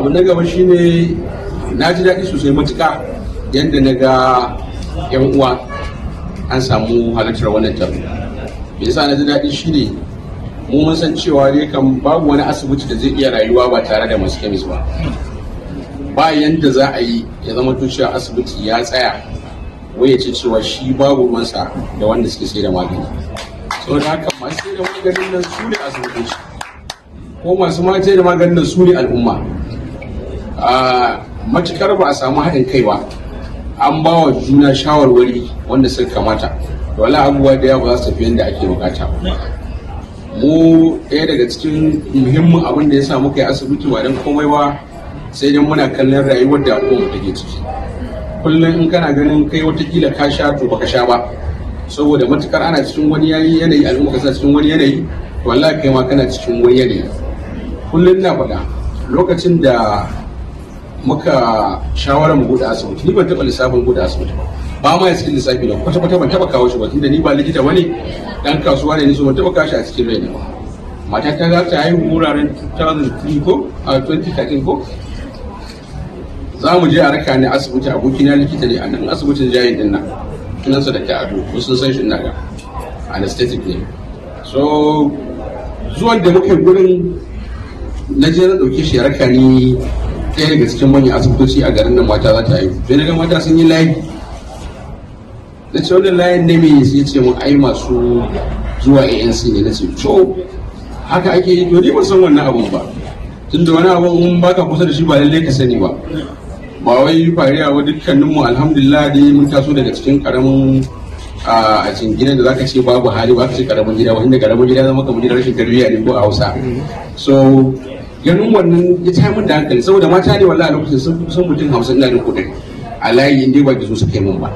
abu na gaba shine na ji daɗi sosai matuka yadda na ga yan uwa an samu halartar wannan taro me yasa na ji daɗi shine mu mun san cewa dai kan babu wani asibiti da zai iya rayuwa ba tare da masu kemis ba ba yadda za a yi ya zama tushen asibiti ya tsaya wai ya ce cewa shi babu ruwansa da wanda suke sai da magani da haka masu sai da maganin nan su ne asibitoci ko masu ma da maganin nan su ne al'umma matukar ba a samu haɗin kai ba an ba wa juna shawarwari wanda sun kamata wala abubuwa da yawa ba za su tafi yadda ake bukata mu ɗaya daga cikin muhimmin abin da ya sa muka yi asibiti ba don komai ba sai dai muna kallon rayuwar da al'umma take ciki kullum in kana ganin kai watakila ka sha to baka sha ba saboda matukar ana cikin wani yanayi al'umma kasa cikin wani yanayi wallahi kai ma kana cikin wani yanayi kullum na faɗa lokacin da muka shawarar mu buɗe asibiti ni ban taɓa lissafin buɗe asibiti ba ba ma ya cikin lissafi na kwata kwata ban taɓa kawo shi ba tunda ni ba likita bane dan kasuwa ne ni so ban taɓa kawo shi a cikin raina ba mata ta za ta haihu wuraren 2003 ko a 2013 ko za mu je a raka ne asibiti abokina likita ne a nan asibitin jayin din nan sunansa da ta ado sun san shi ina ga anesthetic ne so zuwan da muke gurin na je na ɗauke shi ya raka ni ɗaya daga cikin manyan asibitoci a garin nan mata za ta yi sai daga mata sun yi layi na ce wannan layin ne mai sai ce mun ai masu zuwa anc ne na ce to haka ake yi to ni ban san wannan abun ba tunda wani abun mun baka kusa da shi ba lallai ka sani ba ba wai fariya wa dukkanin mu alhamdulillah dai mun taso daga cikin karamin a cikin gidan da zaka ce babu hali ba ka ce karamin gida wanda karamin gida zama kamar gidan rashin tarbiyya ne ko a Hausa so ganin wannan ya ta min da hankali saboda mata ne wallahi a lokacin sun mutum hamsin na rin kudin a layin inda ba ki so su kai min ba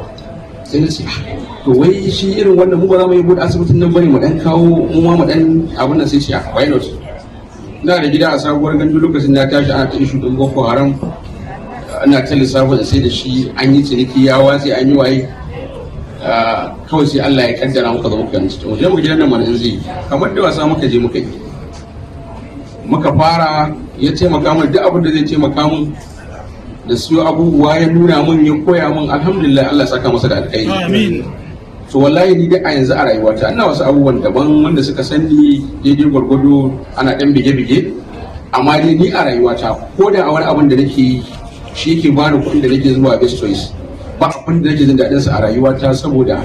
sai na ce ah, to wai shi irin wannan mu ba za mu yi buɗe asibitin nan bane mu dan kawo mu ma mu dan abin nan sai shi a ah, why not ina da gida a sabuwar duk lokacin na tashi ana ta shi din boko haram ana ta lissafin sai da shi an yi ciniki ya watsi an yi waye ah, kawai sai Allah ya kaddara muka zama kan cikin wajen mu gidan nan mana in zai kamar da wasa muka je muka yi muka fara ya taimaka min duk abin da zai taimaka min da su abubuwa ya nuna min ya koya mun alhamdulillah Allah saka masa da alkhairi to wallahi ni dai a yanzu a rayuwata ina wasu abubuwan daban wanda suka sani daidai gwargwado ana dan bige-bige amma dai ni a rayuwata ko da a wani abin da nake yi shi ba bani kuɗin da nake zuwa best choice ba abin da nake jin daɗin sa a rayuwata saboda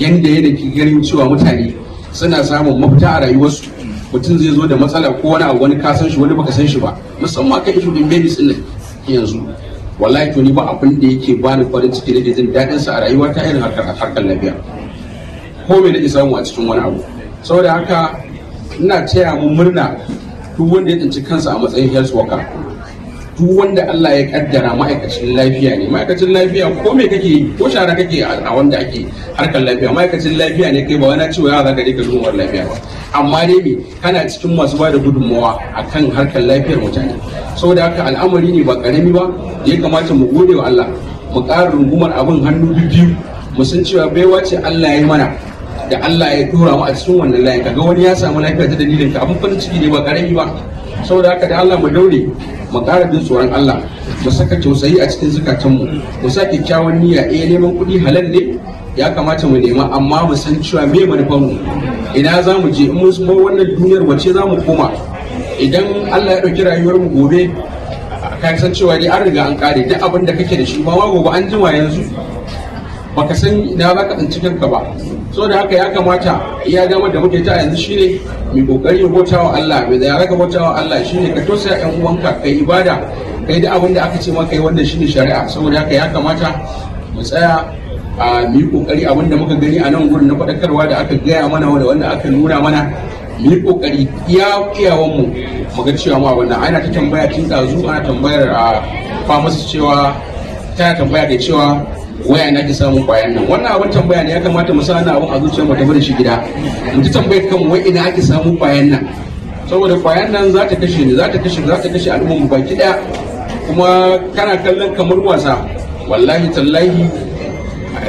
yanda ya da ganin cewa mutane suna samun mafita a rayuwarsu mutum zai zo da matsala ko wani abu wani ka shi wani baka san shi ba musamman kan ishu din babies din yanzu wallahi to ni ba abin da yake ba ni farin ciki da jin daɗinsa sa a rayuwa ta irin harkar harkar lafiya ko me isa mu a cikin wani abu saboda haka ina taya mu murna duk wanda ya tsinci kansa a matsayin health worker duk wanda Allah ya kaddara ma'aikacin lafiya ne ma'aikacin lafiya ko me kake yi ko shara kake a wanda ake harkar lafiya ma'aikacin lafiya ne kai ba wani cewa ya zaka rika gudunmuwar lafiya ba amma dai me kana cikin masu bada gudunmawa kan harkar lafiyar mutane saboda haka al'amari ne ba karami ba ya kamata mu gode wa Allah mu ƙara rungumar abin hannu biyu mu san cewa baiwa ce Allah ya yi mana da Allah ya tura mu a cikin wannan layin kaga wani ya samu lafiya ta dalilin ka abun farin ciki ne ba karami ba saboda haka da Allah mu daure mu ƙara bin tsoron Allah mu saka tausayi a cikin zukatanmu mu sa kyakkyawan niyya eh neman kuɗi halal ne ya kamata mu nema amma mu san cewa me manufar mu ina za mu je in mun wannan duniyar wace za mu koma idan Allah ya ɗauki rayuwar mu gobe ka san cewa dai an riga an kare duk abin da kake da shi ba ma gobe an jima yanzu baka san ina za ka tsinci kanka ba so da haka ya kamata iya damar da muke ta yanzu shine mai kokari ya bauta wa Allah mai da raka bauta wa Allah shine ka tosa yan uwanka kai ibada kai da abin da aka ce maka yi shi shine shari'a saboda haka ya kamata mu tsaya a mu kokari abin da muka gani a nan gurin na faɗakarwa da aka gaya mana wanda wanda aka nuna mana mu kokari iya iyawan mu mu cewa ma wannan ana ta tambaya tun dazu ana tambayar a masa cewa tana tambaya da cewa waya na ke samun kwayan nan wannan abin tambaya ne ya kamata mu sani abin a zuciyar mu tafi da shi gida in ji tambayar kan wai ina ake samun kwayan nan saboda kwayan nan za ta kashe ne za ta kashe za ta kashe al'umman mu baki daya kuma kana kallon kamar wasa wallahi tallahi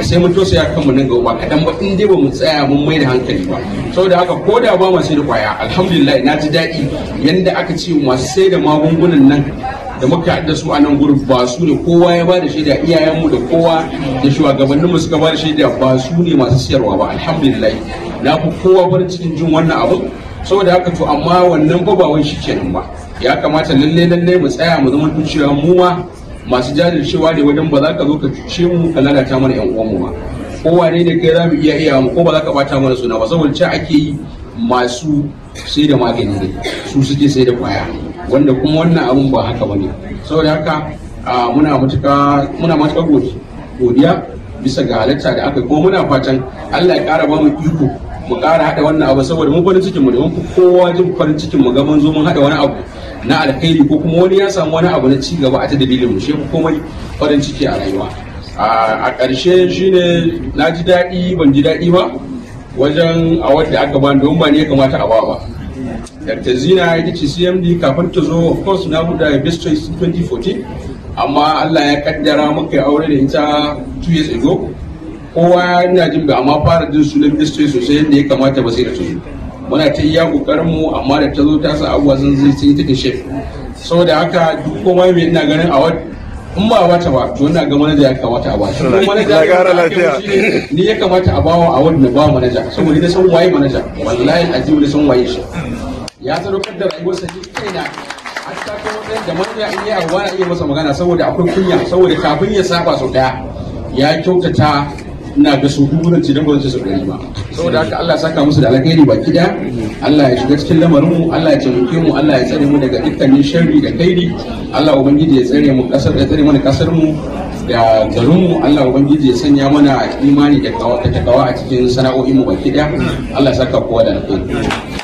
sai mun tosa ya kanmu nan gaba Kadan ba in dai ba mu tsaya mun mai da hankali ba saboda haka ko da ba masu da kwaya alhamdulillah na ji daɗi yanda aka ce masu sai da magungunan nan da muka haɗu da su a nan gurin ba su ne kowa ya ba da shaida iyayenmu da kowa da shugabanninmu suka ba da shaida ba su ne masu siyarwa ba alhamdulillah na fi kowa bar cikin jin wannan abu saboda haka to amma wannan ba wai shi shikenan ba ya kamata lalle lalle mu tsaya mu zama cewa mu ma masu jajircewa ne wajen ba za ka zo ka cuce mu ka lalata mana yan uwanmu ba kowa ne da kai za mu iya iya mu ko ba za ka bata mana suna ba saboda ce ake yi masu sai da magani ne su suke sai da kwaya wanda kuma wannan abun ba haka ne saboda haka muna matuka godiya bisa ga halitta da aka kuma muna fatan Allah ya ƙara bamu iko mu kara haɗa wannan abu saboda mun farin cikin mu da mun kowa jin farin cikin mu ga mun zo mun haɗa wani abu na alkhairi ko kuma wani ya samu wani abu na ci gaba a ta dalilin mu shi komai farin ciki a rayuwa a ƙarshe shine na ji daɗi ban ji daɗi ba wajen a wadda aka bani don ba ne ya kamata a ba ba dr zina ita ce cmd kafin ta zo of course na bude a best choice 2014 amma allah ya kaddara muka aure da ita 2 years ago kowa ina jin ba amma fara jin sunan best choice sosai yadda ya kamata ba sai da tuyi muna ta iya kokarin mu amma da ta zo ta sa abuwa zan zai sun take shape saboda haka duk komai mai ina ganin a in ba wata ba to ina ga manaja ya kamata a ba shi kuma manaja ya gara lafiya ni ya kamata a bawa a wani na ba manaja saboda ni na san waye manaja wallahi ajiyu da san waye shi ya sadaukar da rayuwarsa shi kaina har ta kai matsayin da manya in yi abuwa na iya masa magana saboda akwai kunya saboda kafin ya saba sau daya ya kyautata ina ga su gurin ci dangon su ɗari ba saboda haka Allah saka musu da alkhairi baki kida Allah ya shiga cikin lamarin mu Allah ya taimake mu Allah ya tsare mu daga dukkanin sharri da kairi Allah ubangiji ya tsare mu kasar da tsare mana kasar mu da garin mu Allah ubangiji ya sanya mana imani da takawa a cikin sana'o'in mu baki kida Allah saka kowa da alkhairi